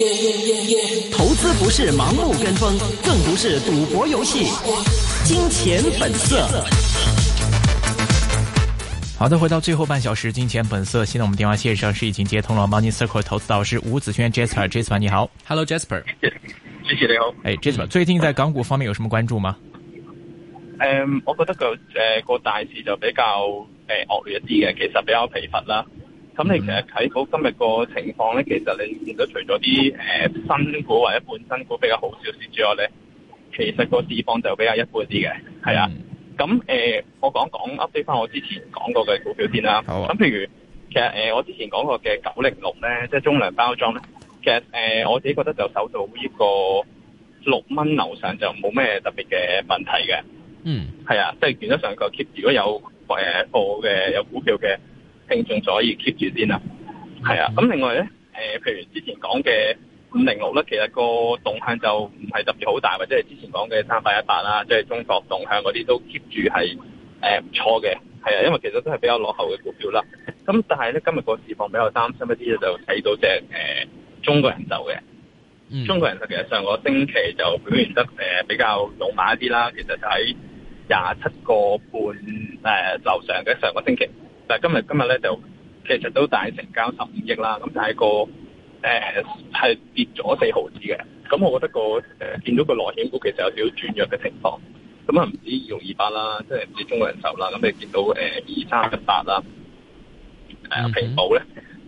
Yeah, yeah, yeah, yeah, yeah. 投資不是盲目跟風，更不是賭博遊戲。金錢本色。好的，回到最後半小時，金錢本色。現在我們電話線上是已經接通了，Money Circle 投資導師吳子軒 Jasper Jasper，你好。Hello Jasper，謝謝，你好。哎，Jasper，、欸嗯、最近在港股方面有什麼關注嗎？Um, 我覺得就個、呃、大市就比較、呃、惡劣一啲嘅，其實比較疲乏啦。咁你其實睇到今日個情況咧，其實你見到除咗啲、呃、新股或者半新股比較好少少之外咧，其實個市況就比較一般啲嘅，係啊。咁、mm hmm. 呃、我講講 update 翻我之前講過嘅股票先啦。咁、mm hmm. 譬如，其實、呃、我之前講過嘅九零六咧，即係中糧包裝咧，其實、呃、我自己覺得就守到呢個六蚊樓上就冇咩特別嘅問題嘅。嗯、mm。係、hmm. 啊，即係原則上個 keep 如果有誒嘅、有、呃、股票嘅。聽中咗，而 keep 住先啦。係啊，咁另外咧，誒、呃，譬如之前講嘅五零六咧，其實個動向就唔係特別好大，或者係之前講嘅三八一八啦，即係中國動向嗰啲都 keep 住係誒唔錯嘅。係啊，因為其實都係比較落後嘅股票啦。咁但係咧，今日個市況比較擔心一啲嘅，就睇到隻誒、呃、中國人壽嘅。嗯、中國人壽其實上個星期就表現得誒、呃、比較勇猛一啲啦。其實就喺廿七個半誒樓上嘅上個星期。但今日今日咧就其實都大成交十五億啦，咁但係個誒係、呃、跌咗四毫子嘅，咁、嗯、我覺得個誒、呃、見到個內險股其實有少少轉弱嘅情況，咁啊唔止二六二八啦，即係唔止中國人壽啦，咁、嗯、你見到誒二三一八啦，誒、呃、平保咧，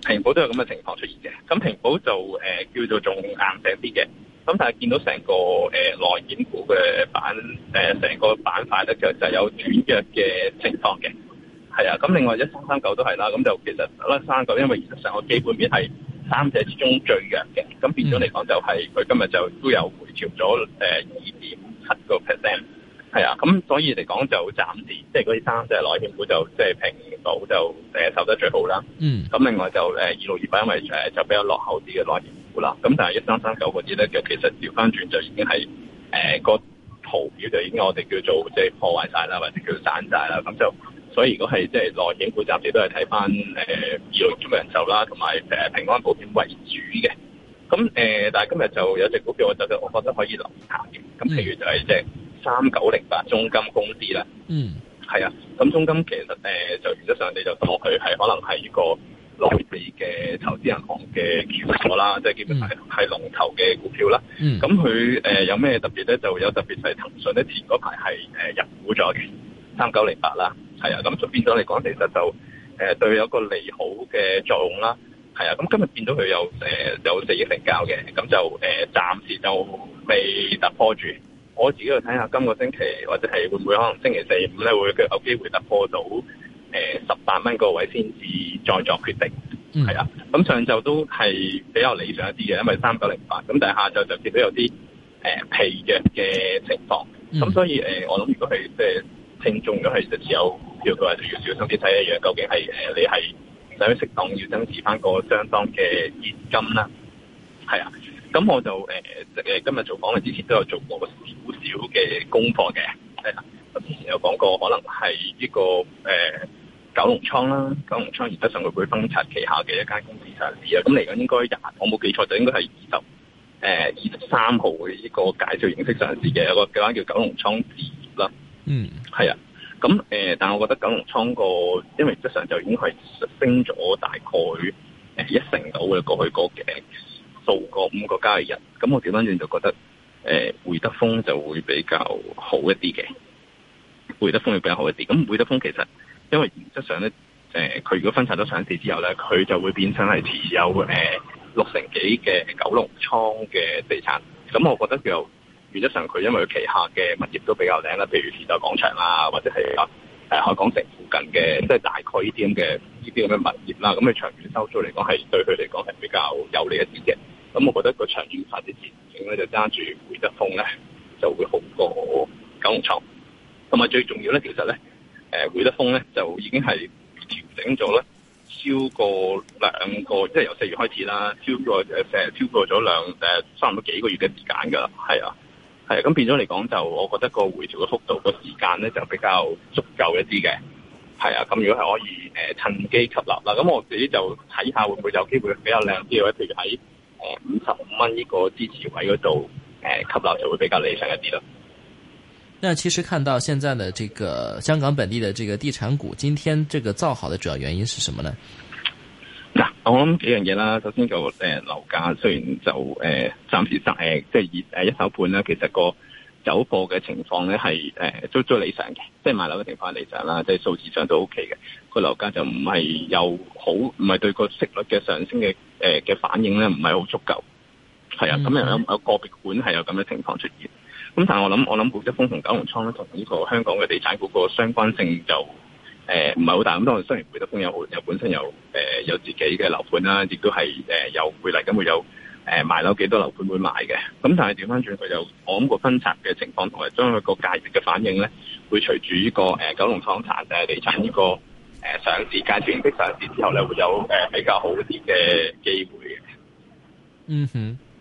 平保都有咁嘅情況出現嘅，咁、嗯、平保就誒、呃、叫做仲硬淨啲嘅，咁、嗯、但係見到成個誒、呃、內險股嘅板誒成、呃、個板塊咧其實就有轉弱嘅情況嘅。係啊，咁另外一三三九都係啦，咁就其實嗱三九，因為現實上個基本面係三隻之中最弱嘅，咁變咗嚟講就係佢今日就都有回調咗誒二點七個 percent，係啊，咁所以嚟講就暫時即係嗰啲三隻內險股就即係平保，就誒受得最好啦，嗯，咁另外就誒二六二八因為誒就比較落後啲嘅內險股啦，咁但係一三三九嗰支咧就其實調翻轉就已經係誒、呃那個圖表就已經我哋叫做即係破壞晒啦，或者叫散晒啦，咁就。所以如果係即係內險股集你都係睇翻誒二類中嘅人壽啦，同埋誒平安保險為主嘅。咁誒、呃，但係今日就有隻股票我覺得我覺得可以留下嘅。咁譬如就係即係三九零八中金公司啦。嗯，係啊。咁中金其實誒、呃，就原則上你就當佢係可能係呢個內地嘅投資銀行嘅股所啦，即、就、係、是、基本係係龍頭嘅股票啦。咁佢誒有咩特別咧？就有特別就係騰訊咧，前嗰排係誒入股咗三九零八啦。咁，啊，咁變咗嚟講，其實就誒、呃、對佢有個利好嘅作用啦。啊，咁今日見到佢有誒、呃、有四億成交嘅，咁就、呃、暫時就未突破住。我自己去睇下今個星期或者係會唔會可能星期四五咧，會有機會突破到誒十八蚊個位先至再作決定。嗯、啊，咁上晝都係比較理想一啲嘅，因為三九零八。咁但係下晝就見到有啲誒疲弱嘅情況。咁、嗯、所以、呃、我諗如果係即係聽中咗係，就只有。叫佢話要小心啲睇一樣，究竟係誒、呃、你係想適當要增持翻個相當嘅現金啦？係啊，咁我就誒誒、呃、今日做訪嘅之前都有做過少少嘅功課嘅，誒咁、啊、之前有講過可能係呢個誒、呃、九龍倉啦，九龍倉而家上佢會分拆旗下嘅一間公司上市啊，咁嚟緊應該廿我冇記錯就應該係二十誒二十三號嘅呢個介紹形式上市嘅有個叫翻叫九龍倉置業啦，嗯，係啊。咁、嗯、但係我覺得九龍倉個，因為質上就已經係升咗大概一成到嘅過去個嘅數個五個交易日，咁我調翻轉就覺得誒會、呃、德豐就會比較好一啲嘅，會德豐會比較好一啲。咁會德豐其實因為原則上咧，誒、呃、佢如果分拆咗上市之後咧，佢就會變成係持有誒六成幾嘅九龍倉嘅地產，咁、嗯、我覺得佢又。原則上，佢因為佢旗下嘅物業都比較靚啦，譬如時代廣場啦，或者係啊誒海港城附近嘅，即係大概呢啲咁嘅呢啲咁樣物業啦。咁佢長遠收租嚟講，係對佢嚟講係比較有利一啲嘅。咁我覺得個長遠發展前景咧，就揸住會德豐咧就會好過九龍倉。同埋最重要咧，其實咧誒會德豐咧就已經係調整咗咧超過兩個，即係由四月開始啦，超過誒成超過咗兩誒差唔多幾個月嘅時間㗎啦，係啊。係咁變咗嚟講，就我覺得個回調嘅幅度個時間咧就比較足夠一啲嘅，係啊。咁如果係可以誒趁機吸納啦，咁我自己就睇下會唔會有機會比較靚啲嘅，譬如喺誒五十五蚊呢個支持位嗰度誒吸納就會比較理想一啲咯。那其實看到現在呢這個香港本地嘅這個地產股，今天這個造好的主要原因是什麼呢？我諗幾樣嘢啦，首先就誒樓價雖然就誒暫時大，即係二誒一手盤啦，其實個走貨嘅情況咧係誒都最理想嘅，即係賣樓嘅情況理想啦，即係數字上都 O K 嘅。個樓價就唔係有好，唔係對個息率嘅上升嘅誒嘅反應咧唔係好足夠。係啊，咁又有有個別盤係有咁嘅情況出現。咁但係我諗我諗，即係會德豐同九龍倉咧，同呢個香港嘅地產股個相關性就。誒，唔係好大咁，當然雖然會德豐有好，又、呃、本身有誒、呃、有自己嘅樓盤啦、啊，亦都係誒、呃、有會嚟，咁會有誒賣、呃、樓幾多樓盤會賣嘅。咁但係點翻轉，佢有我諗個分拆嘅情況同埋，將佢個價值嘅反應咧，會隨住呢、這個誒、呃、九龍倉產地地產呢、這個誒、呃、上市階段的上市之後咧，會有誒、呃、比較好啲嘅機會嘅。嗯哼。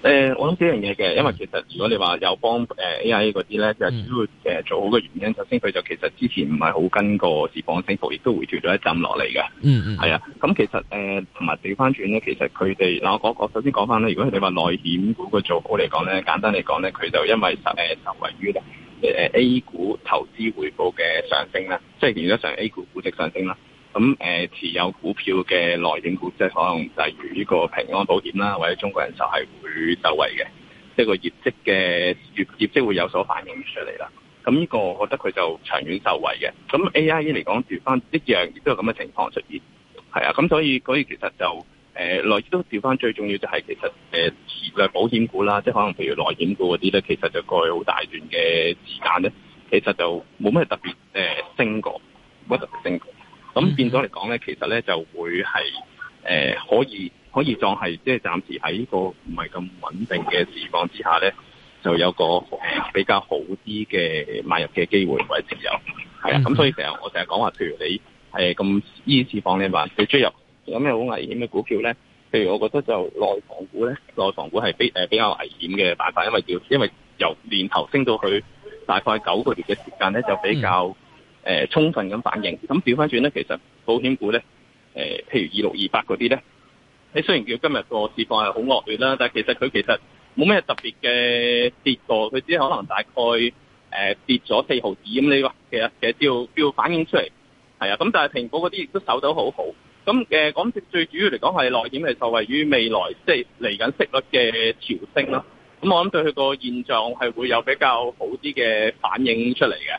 誒、嗯，我諗幾樣嘢嘅，因為其實如果你話有幫誒 AIA 嗰啲咧，就主要誒做好嘅原因，首先佢就其實之前唔係好跟個市況升幅，亦都回跌咗一陣落嚟嘅。嗯嗯，係啊，咁其實誒同埋調翻轉咧，其實佢哋嗱我首先講翻咧，如果你話內險股嘅做好嚟講咧，簡單嚟講咧，佢就因為受誒受惠於誒 A 股投資回報嘅上升啦，即係原則上 A 股股值上升啦。咁誒、呃，持有股票嘅內險股，即係可能，例如呢個平安保險啦，或者中國人壽係會受惠嘅，即係個業績嘅業績會有所反映出嚟啦。咁呢個我覺得佢就長遠受惠嘅。咁 AIA 嚟講，調翻一樣亦都有咁嘅情況出現，係啊。咁所以所以其實就誒內都調翻，呃、最重要就係其實誒持量保險股啦，即係可能譬如內險股嗰啲咧，其實就過去好大段嘅時間咧，其實就冇咩特別誒升過冇特別升過。咁變咗嚟講咧，其實咧就會係誒、呃、可以可以當係即係暫時喺呢個唔係咁穩定嘅市況之下咧，就有個、呃、比較好啲嘅買入嘅機會或者持有。係啊，咁所以成日我成日講話，譬如你係咁依市況你話你追入有咩好危險嘅股票咧？譬如我覺得就內房股咧，內房股係比、呃、比較危險嘅辦法，因為叫因為由年頭升到去大概九個月嘅時間咧，就比較。誒、呃，充分咁反映。咁調返轉咧，其實保險股咧，誒、呃，譬如二六二八嗰啲咧，你雖然叫今日個市況係好惡劣啦，但係其實佢其實冇咩特別嘅跌過，佢只可能大概誒、呃、跌咗四毫子呢個嘅嘅，都要反映出嚟，係啊。咁但係平保嗰啲亦都守到好好。咁誒，港、呃、最主要嚟講係內險係受惠於未來即係嚟緊息率嘅調升啦。咁我諗對佢個現象係會有比較好啲嘅反映出嚟嘅。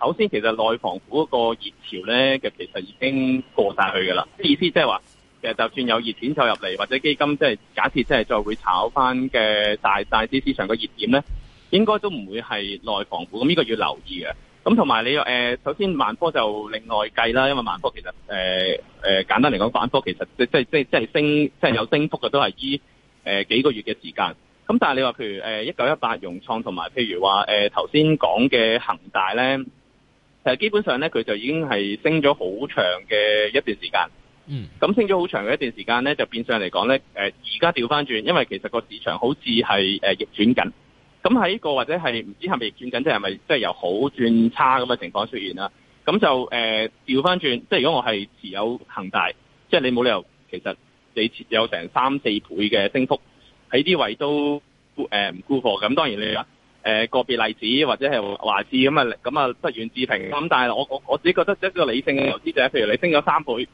首先，其實內房股嗰個熱潮咧，嘅其實已經過晒去㗎啦。意思即係話，其實就算有熱錢湧入嚟，或者基金即係假設即係再會炒翻嘅大大啲市場嘅熱點咧，應該都唔會係內房股。咁呢個要留意嘅。咁同埋你誒，首先萬科就另外計啦，因為萬科其實誒誒簡單嚟講，反科其實即即即即係升即係有升幅嘅都係依誒幾個月嘅時間。咁但係你話譬如誒一九一八融創同埋譬如話誒頭先講嘅恒大咧。基本上咧，佢就已經係升咗好長嘅一段時間。嗯，咁升咗好長嘅一段時間咧，就變相嚟講咧，誒，而家調翻轉，因為其實個市場好似係誒逆轉緊。咁喺個或者係唔知係咪逆轉緊，就是呃，即係係咪即係由好轉差咁嘅情況出現啦。咁就誒調翻轉，即係如果我係持有恒大，即係你冇理由，其實你持有成三四倍嘅升幅，喺啲位都誒唔沽貨。咁當然你。誒、呃，個別例子或者係話事咁啊，咁啊不願置評咁，那但係我我我自己覺得一個理性嘅投資者，譬如你升咗三倍，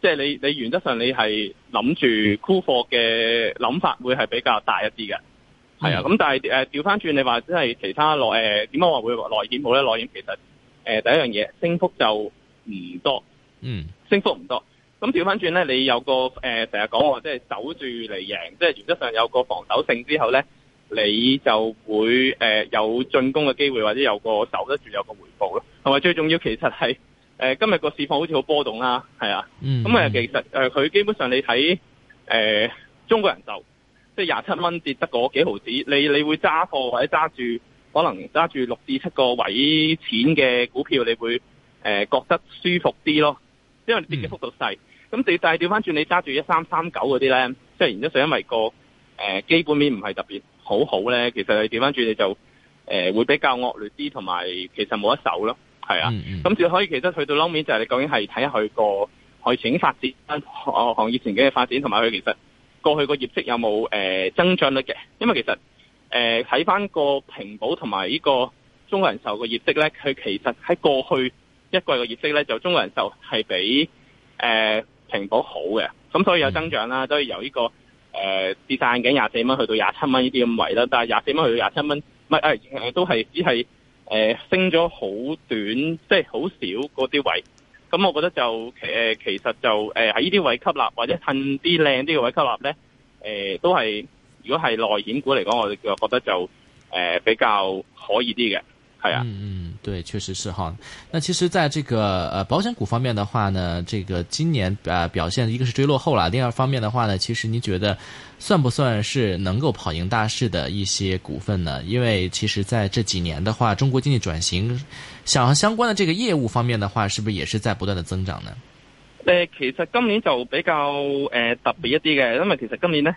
即係你你原則上你係諗住沽貨嘅諗法會係比較大一啲嘅，係啊、嗯，咁、嗯、但係誒調翻轉你話即係其他內誒點解話會內險好咧？內險其實誒、呃、第一樣嘢升幅就唔多，嗯，升幅唔多。咁調翻轉咧，你有個誒成日講話即係守住嚟贏，嗯、即係原則上有個防守性之後咧。你就會誒、呃、有進攻嘅機會，或者有個守得住，有個回報咯。同埋最重要，其實係誒、呃、今日個市況好似好波動啦，係啊，咁、嗯嗯、其實誒佢、呃、基本上你睇誒、呃、中國人壽，即係廿七蚊跌得過幾毫子，你你會揸貨或者揸住可能揸住六至七個位錢嘅股票，你會誒、呃、覺得舒服啲咯，因為你跌嘅幅度細。咁、嗯、但係調翻轉，你揸住一三三九嗰啲咧，即係然之後，因為個誒、呃、基本面唔係特別。好好咧，其實你點翻住你就、呃，會比較惡劣啲，同埋其實冇一手咯，係啊，咁至、嗯嗯、可以其實去到 l 面，就係你究竟係睇下佢個海前發展、行行業前景嘅發展，同埋佢其實過去個業績有冇、呃、增長率嘅？因為其實睇翻、呃、個平保同埋呢個中國人壽個業績咧，佢其實喺過去一季嘅業績咧，就中國人壽係比、呃、平保好嘅，咁所以有增長啦，都以由呢、這個。誒跌晒眼鏡廿四蚊去到廿七蚊呢啲咁位啦，但係廿四蚊去到廿七蚊，唔係誒都係只係誒、呃、升咗好短，即係好少嗰啲位。咁、嗯、我覺得就誒、呃、其實就誒喺呢啲位吸納，或者趁啲靚啲嘅位吸納咧，誒、呃、都係如果係內險股嚟講，我就覺得就誒、呃、比較可以啲嘅。嗯嗯，對，確實是哈。那其實在這個呃保險股方面的話呢，這個今年呃表現，一個是追落後啦，另外方面的話呢，其實你覺得算不算是能夠跑贏大市的一些股份呢？因為其實在這幾年的話，中國經濟轉型，相相關的這個業務方面的話，是不是也是在不斷的增長呢？呃，其實今年就比較呃特別一啲嘅，因為其實今年呢，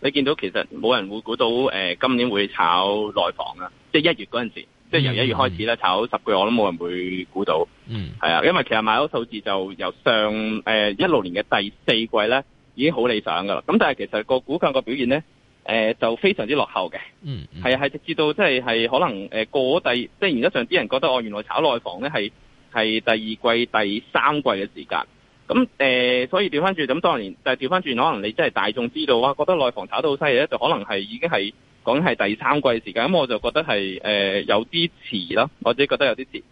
你見到其實冇人會估到呃今年會炒內房啊，即係一月嗰陣時。即係由一月開始咧炒十倍，我都冇人會估到。嗯，係啊，因為其實買樓數字就由上誒一六年嘅第四季咧已經好理想㗎啦。咁但係其實個股價個表現咧誒就非常之落後嘅。嗯，係係直至到即係係可能誒過咗第，即係原則上啲人覺得我原來炒內房咧係係第二季第三季嘅時間。咁誒，所以調翻轉咁當年，但係調翻轉可能你真係大眾知道啊，覺得內房炒到好犀利咧，就可能係已經係。講係第三季時間，咁我就覺得係誒、呃、有啲遲咯，我自己覺得有啲遲。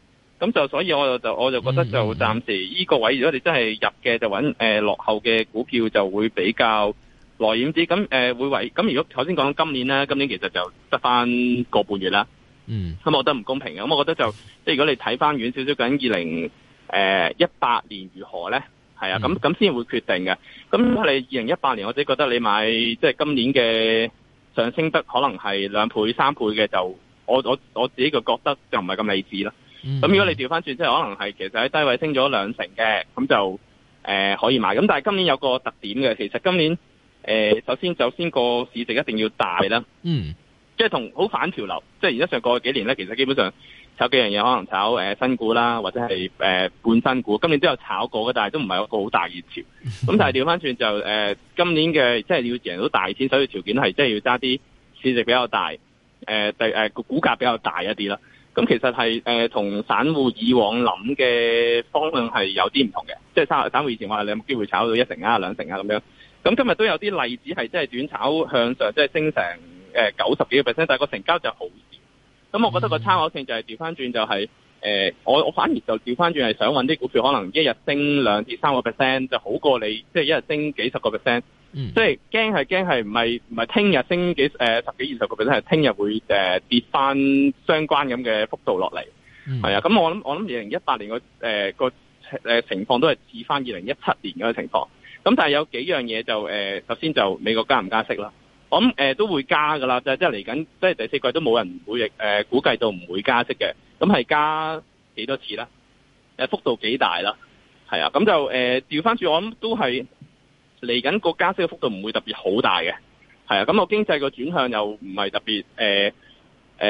咁就所以我就我就覺得就暫時呢個位，如果你真係入嘅，就搵誒、呃、落後嘅股票就會比較耐點啲。咁誒、呃、會為咁？如果頭先講今年咧，今年其實就得翻個半月啦。嗯，咁我覺得唔公平嘅。咁我覺得就即係如果你睇翻遠少少，緊二零誒一八年如何咧？係啊，咁咁先會決定嘅。咁你二零一八年，我自己覺得你買即係、就是、今年嘅。上升得可能係兩倍三倍嘅，就我，我我我自己嘅覺得就唔係咁理智啦。咁、mm hmm. 如果你調返轉，即係可能係其實喺低位升咗兩成嘅，咁就誒、呃、可以買。咁但係今年有個特點嘅，其實今年誒、呃、首先首先個市值一定要大啦，嗯、mm，即係同好反潮流，即係而家上過去幾年咧，其實基本上。炒幾樣嘢可能炒誒新股啦，或者係誒半新股。今年都有炒過嘅，但係都唔係一個好大熱潮。咁 但係調翻轉就誒，今年嘅即係要贏到大錢，所以條件係即係要揸啲市值比較大、誒第誒個股價比較大一啲啦。咁其實係誒同散戶以往諗嘅方向係有啲唔同嘅，即係散散戶以前話你有冇機會炒到一成啊、兩成啊咁樣。咁今日都有啲例子係即係短炒向上，即係升成誒九十幾個 percent，但係個成交就好。咁、嗯嗯、我覺得個參考性就係調翻轉就係、是，誒、呃，我我反而就調翻轉係想搵啲股票，可能一日升兩至三個 percent，就好過你即係、就是、一日升幾十個 percent。即係驚係驚係唔係唔係聽日升幾誒、呃、十幾二十個 percent，係聽日會誒、呃、跌翻相關咁嘅幅度落嚟。係、嗯、啊，咁我諗我諗二零一八年個誒個情況都係似翻二零一七年嗰個情況。咁但係有幾樣嘢就誒、呃，首先就美國加唔加息啦。咁誒、呃、都會加噶啦，就係，即係即係嚟緊，即係第四季都冇人會亦誒、呃、估計到唔會加息嘅，咁係加幾多次啦？誒，幅度幾大啦？係啊，咁就誒調翻轉，我諗都係嚟緊個加息嘅幅度唔會特別好大嘅，係啊，咁個經濟個轉向又唔係特別誒誒、呃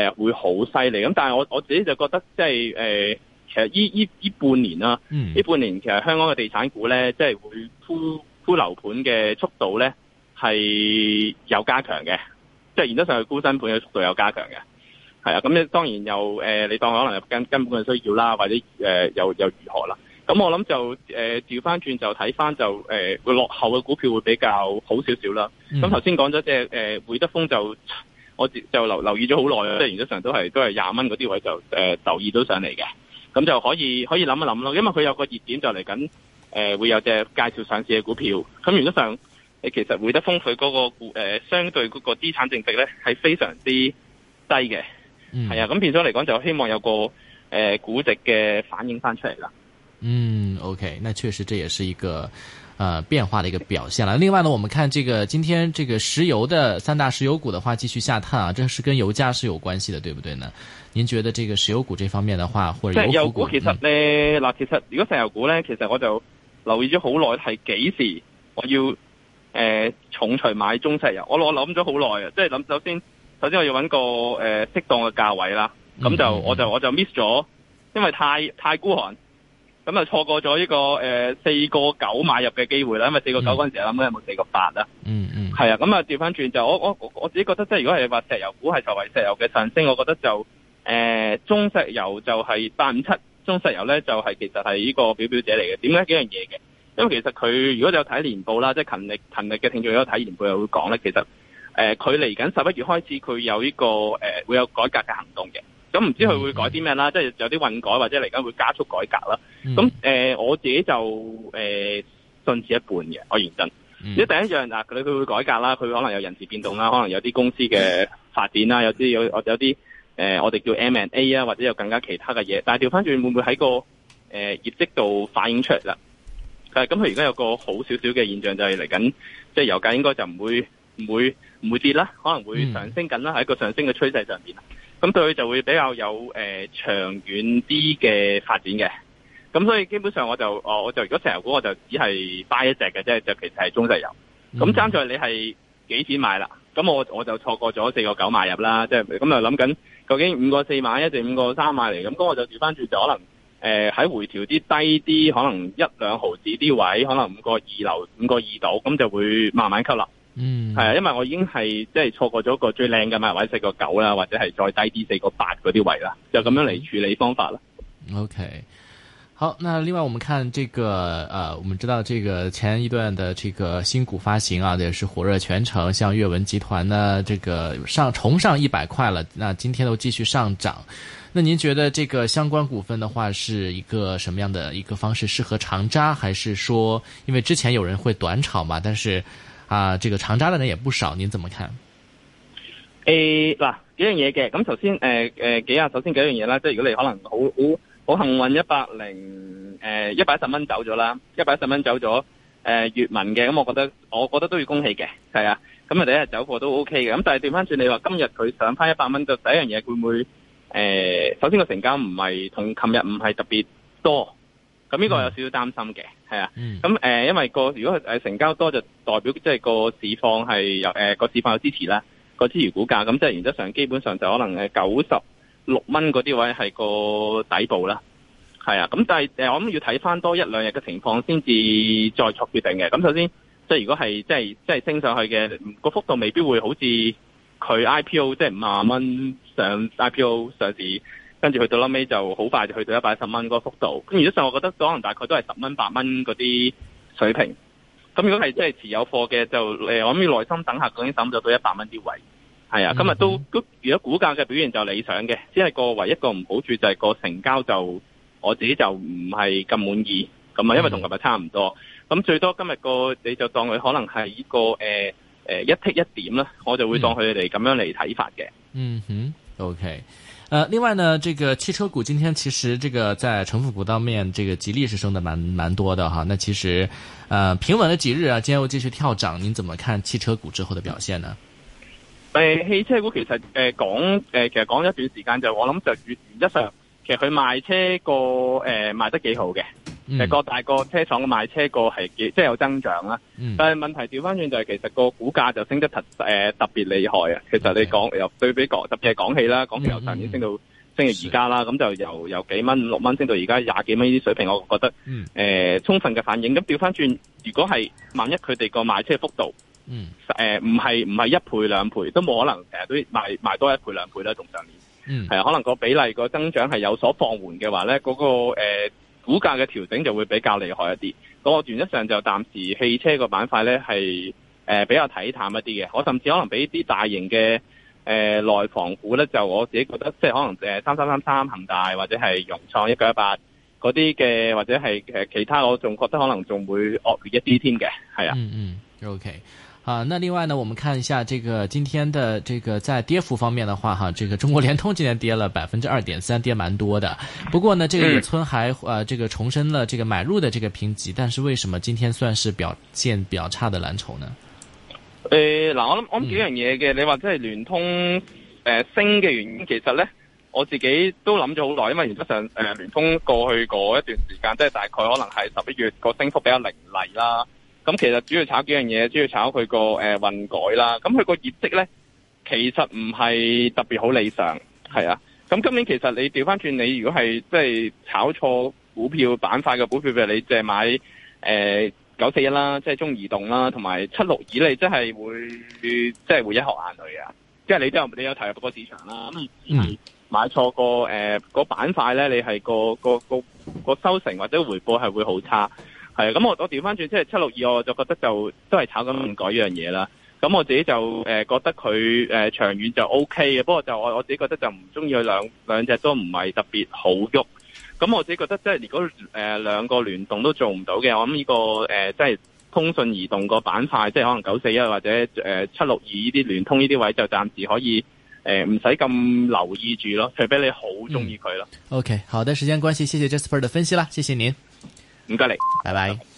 呃、會好犀利，咁但係我我自己就覺得即係誒、呃，其實依依依半年啦、啊，呢、嗯、半年其實香港嘅地產股咧，即係會鋪鋪樓盤嘅速度咧。係有加強嘅，即係原則上，佢估新盤嘅速度有加強嘅，係啊。咁當然又誒、呃，你當可能根根本嘅需要啦，或者誒、呃、又又如何啦。咁我諗就誒調翻轉就睇翻就誒、呃，落後嘅股票會比較好少少啦。咁頭先講咗隻誒會德豐，就，我就留留意咗好耐，即係原則上都係都係廿蚊嗰啲位就、呃、留意到上嚟嘅，咁就可以可以諗一諗咯。因為佢有個熱點就嚟緊，誒、呃、會有隻介紹上市嘅股票，咁原則上。其實會德豐佢嗰個股、呃、相對嗰個資產淨值咧係非常之低嘅，係、嗯、啊，咁變咗嚟講就希望有個誒估、呃、值嘅反映翻出嚟啦。嗯，OK，那確實這也是一個啊、呃、變化嘅一個表現啦。另外呢，我們看這個今天這個石油嘅三大石油股的話繼續下探啊，這是跟油價是有關係嘅，對唔對呢？您覺得這個石油股這方面嘅話，或者石油，油股其實咧嗱，嗯、其實如果石油股咧，其實我就留意咗好耐，係幾時我要？誒、呃，重錘買中石油，我我諗咗好耐啊，即係諗首先，首先我要搵個誒適、呃、當嘅價位啦，咁就、mm hmm. 我就我就 miss 咗，因為太太孤寒，咁啊錯過咗呢、這個誒四個九買入嘅機會啦，因為四個九嗰陣時諗緊、mm hmm. 有冇四個八啦，嗯嗯，係啊，咁啊調翻轉就，就我我我自己覺得，即係如果係話石油股係受惠石油嘅上升，我覺得就誒、呃、中石油就係八五七，7, 中石油咧就係、是、其實係呢個表表者嚟嘅。點解幾樣嘢嘅？因為其實佢如果你有睇年報啦，即係勤力勤力嘅聽眾有睇年報又會講咧，其實誒佢嚟緊十一月開始佢有呢個誒、呃、會有改革嘅行動嘅。咁唔知佢會改啲咩啦？Mm hmm. 即係有啲混改或者嚟緊會加速改革啦。咁誒、mm hmm. 呃、我自己就誒、呃、信似一半嘅，我認真。即第一樣啊，佢、呃、佢會改革啦，佢可能有人事變動啦，可能有啲公司嘅發展啦，有啲有有啲誒、呃、我哋叫 M and A 啊，或者有更加其他嘅嘢。但係調翻轉會唔會喺個誒、呃、業績度反映出嚟啦？咁佢而家有個好少少嘅現象，就係嚟緊，即係油價應該就唔會唔會唔會跌啦，可能會上升緊啦，喺一個上升嘅趨勢上邊，咁對佢就會比較有、呃、長遠啲嘅發展嘅。咁所以基本上我就，我就我就如果石油股我就只係 buy 一隻嘅，即係就其實係中石油。咁爭在你係幾錢買啦？咁我我就錯過咗四個九買入啦，即係咁就諗緊究竟五個四買一定五個三買嚟，咁當我就調翻轉就可能。誒，喺、呃、回調啲低啲，可能一兩毫子啲位，可能五個二樓、五個二度，咁就會慢慢吸納。嗯，係啊，因為我已經係即係錯過咗個最靚嘅買位，四個九啦，或者係再低啲四個八嗰啲位啦，嗯、就咁樣嚟處理方法啦。OK，好，那另外我們看這個，呃，我們知道這個前一段的這個新股發行啊，也是火熱全程，像閱文集團呢，這個上重上一百塊了，那今天都繼續上漲。那您覺得這個相關股份的話，是一個什麼樣的一個方式適合長揸還是說因為之前有人會短炒嘛？但是，啊，這個長揸的人也不少，您怎麼看？誒、哎，嗱，幾樣嘢嘅，咁首先誒誒幾啊，首先幾樣嘢啦，即係如果你可能好好好幸運一百零誒一百一十蚊走咗啦，一百一十蚊走咗誒，粵文嘅，咁我覺得我覺得都要恭喜嘅，係啊，咁啊第一日走貨都 OK 嘅，咁但係調翻轉你話今日佢上翻一百蚊，就第一樣嘢會唔會？誒、呃，首先個成交唔係同琴日唔係特別多，咁呢個有少少擔心嘅，係啊、嗯。咁誒、呃，因為、那個如果誒成交多就代表即係個市況係有誒個、呃、市況有支持啦，個支持股價咁即係原則上基本上就可能係九十六蚊嗰啲位係個底部啦，係啊。咁但係誒我諗要睇翻多一兩日嘅情況先至再作決定嘅。咁首先即係如果係即係即係升上去嘅，個幅度未必會好似。佢 IPO 即係五萬蚊上、嗯、IPO 上市，跟住去到後尾就好快就去到一百一十蚊嗰幅度。咁如果上，我覺得可能大概都係十蚊、八蚊嗰啲水平。咁如果係即係持有貨嘅，就誒、呃，我諗要耐心等下，嗰啲等咗到一百蚊啲位。係啊，嗯、今日都都、嗯、如果股價嘅表現就理想嘅，只係個唯一個個唔好處就係個成交就我自己就唔係咁滿意。咁啊，嗯、因為同今日差唔多。咁最多今日個你就當佢可能係呢個誒。呃誒，一剔一點啦，我就會當佢哋咁樣嚟睇法嘅。嗯哼，OK。誒、呃，另外呢，這個汽車股今天其實這個在成份股當面，這個吉利是升得蠻蠻多的哈。那其實誒、呃，平穩咗幾日啊，今天又繼續跳漲，您怎麼看汽車股之後的表現呢？誒、嗯，汽車股其實誒講誒，其實講一段時間就我諗就月圓一上，其實佢賣車個誒、呃、賣得幾好嘅。各、嗯、大個車廠個賣車個係即係有增長啦，嗯、但係問題調翻轉就係其實個股價就升得特誒、呃、特別厲害啊！其實你講又、嗯、對比港，特別係廣汽啦，廣汽由上年升到升到而家啦，咁就由由幾蚊五六蚊升到而家廿幾蚊呢啲水平，我覺得誒、呃、充分嘅反應。咁調翻轉，如果係萬一佢哋個賣車幅度誒唔係唔係一倍兩倍，都冇可能成日都賣賣多一倍兩倍啦，同上年係啊、嗯，可能個比例個增長係有所放緩嘅話咧，嗰、那個誒。呃股價嘅調整就會比較厲害一啲，咁我原則上就暫時汽車個板塊呢係誒比較睇淡一啲嘅，我甚至可能俾啲大型嘅誒內房股呢，就我自己覺得即係可能三三三三恒大或者係融創一九一八嗰啲嘅或者係誒其他，我仲覺得可能仲會惡劣一啲添嘅，係啊、嗯。嗯嗯，OK。啊，那另外呢，我們看一下這個今天的這個在跌幅方面的話，哈，這個中國聯通今天跌了百分之二點三，跌蠻多的。不過呢，這個野村還，呃，這個重申了這個買入的這個評級。但是為什麼今天算是表現比較差的藍籌呢？誒，嗱，我諗我諗幾樣嘢嘅，你話即係聯通誒、呃、升嘅原因，其實咧我自己都諗咗好耐，因為原則上誒、呃、聯通過去嗰一段時間，即係大概可能係十一月個升幅比較凌厲啦。咁其實主要炒幾樣嘢，主要炒佢個誒運改啦。咁佢個業績咧，其實唔係特別好理想，係啊。咁今年其實你調翻轉，你如果係即係炒錯股票板塊嘅股票，譬如你、呃、41, 淨係買誒九四一啦，即係中移動啦，同埋七六二，你真係會即係會一殼眼淚啊！即係你都有你有投入個市場啦，咁買錯個誒個、呃、板塊咧，你係個個個個收成或者回報係會好差。係，咁我我調翻轉，即係七六二，我就覺得就都係炒緊嗰樣嘢啦。咁我自己就誒覺得佢誒長遠就 O K 嘅，不過就我我自己覺得就唔中意佢兩兩隻都唔係特別好喐。咁我自己覺得即係如果誒兩個聯動都做唔到嘅，我諗呢個誒即係通訊移動個板塊，即係可能九四一或者誒七六二呢啲聯通呢啲位，就暫時可以誒唔使咁留意住咯，除非你好中意佢咯。O K，好的，時間關係，謝謝 Jasper 的分析啦，謝謝您。唔該，謝謝你，拜拜。